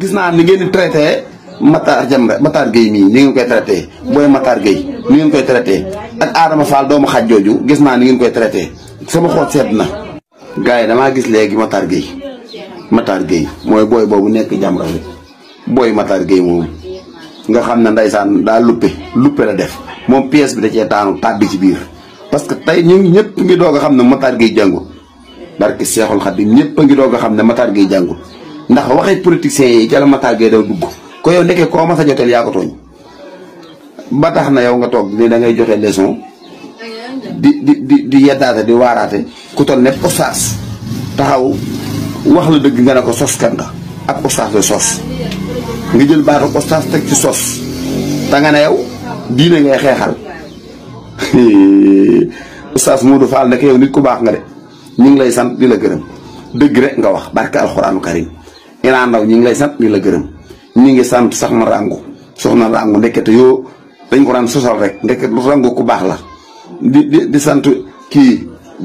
gis na ni ngeen traiter traité Matar Jamra Matar Gueye mi ni ngeen koy traiter booy Matar Gueye ni ngeen koy traiter ak Adama Fall doomu xaj joju gis na ni ngeen koy traiter sama na. gars yi gis legi Matar Gueye Matar moy boy bobu nek jam Jamra boy Matar Gueye mom. nga xamna ndaysan da daa luppe luppe la def mom pièce bi da ci tanu tabbi ci bir parce que tay ñu ñepp ngi doga xamna Matar Gueye jàngul barke cheikhul khadim ñepp ngi doga xamna Matar ndax waxi politiciens yi jala mataar gay daw dugg ko yow nekkee koo mas a joteel yaa ko tooñ ba tax na yow nga toog ni da ngay joxe leçon di di di di yeddaate di waaraate ku toll nepp oustaz taxaw wax la dëgg nga ne ko sos kan nga ak oustaz de sos nga jël baatu oustaz teg ci sos te nga ne yow diine ngay xeexal oustaz Modou Fall nekk yow nit ku baax nga de ñu ngi lay sant di la gërëm dëgg rek nga wax barke alxuraanu karim Iran Ndao ñi ngi lay sant ñu la gërëm ñi ngi sant sax ma ràngu soxna ràngu ndekete yoo dañ ko daan sosal rek ndeket lu ràngu ku baax la di di di sant kii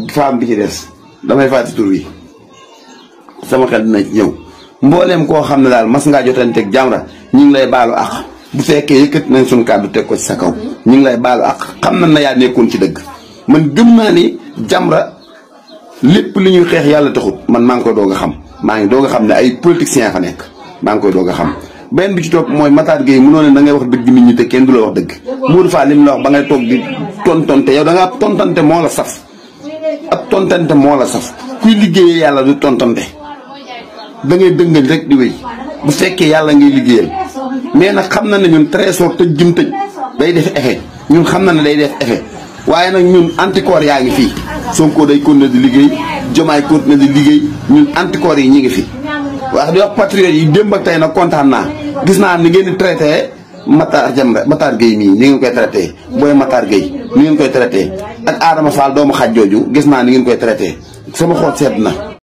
femme bi ci des damay fàttali tur wi sama xel dina ci ñëw mbooleem koo xam ne daal mas ngaa jotanteeg Jamra ñi ngi lay baalu ak bu fekkee yëkkati nañ suñ kàddu teg ko ci sa kaw ñi ngi lay baalu ak xam na na yaa nekkoon ci dëgg man gëm naa ni Jamra lépp li ñuy xeex yàlla taxut man maa ngi koy doog a xam maa ngi doog a xam ne ay politiciens fa nekk maa ngi koy doog a xam benn bi ci topp mooy Matar Gueye mënoo ne da ngay wax dëgg nit ñi te kenn du la wax dëgg Modou Fall li mu la wax ba ngay toog di tontonte yow da ngaa tontante moo la saf ab tontante moo la saf kuy liggéeyee yàlla du tontante da ngay dëngal rek di wéy bu fekkee yàlla ngay liggéeyal mais nag xam na ne ñun trésor tëj jëm tëj day def effet ñun xam na ne day def effet waaye nag ñun anticorps yaa ngi fii Sonko day continuer di liggéey Diomaye continuer di liggéey ñun anticorps yi ñu ngi fi. wax di wax patriote yi démb ak tey na kontaan naa gis naa ni ngeen di traité Matar Jamra Matar Gueye mii ni ngeen koy traité booy Matar Gueye ni ngeen koy traité ak aadama Fall doomu xaj jooju gis naa ni ngeen koy traité sama xol sedd na.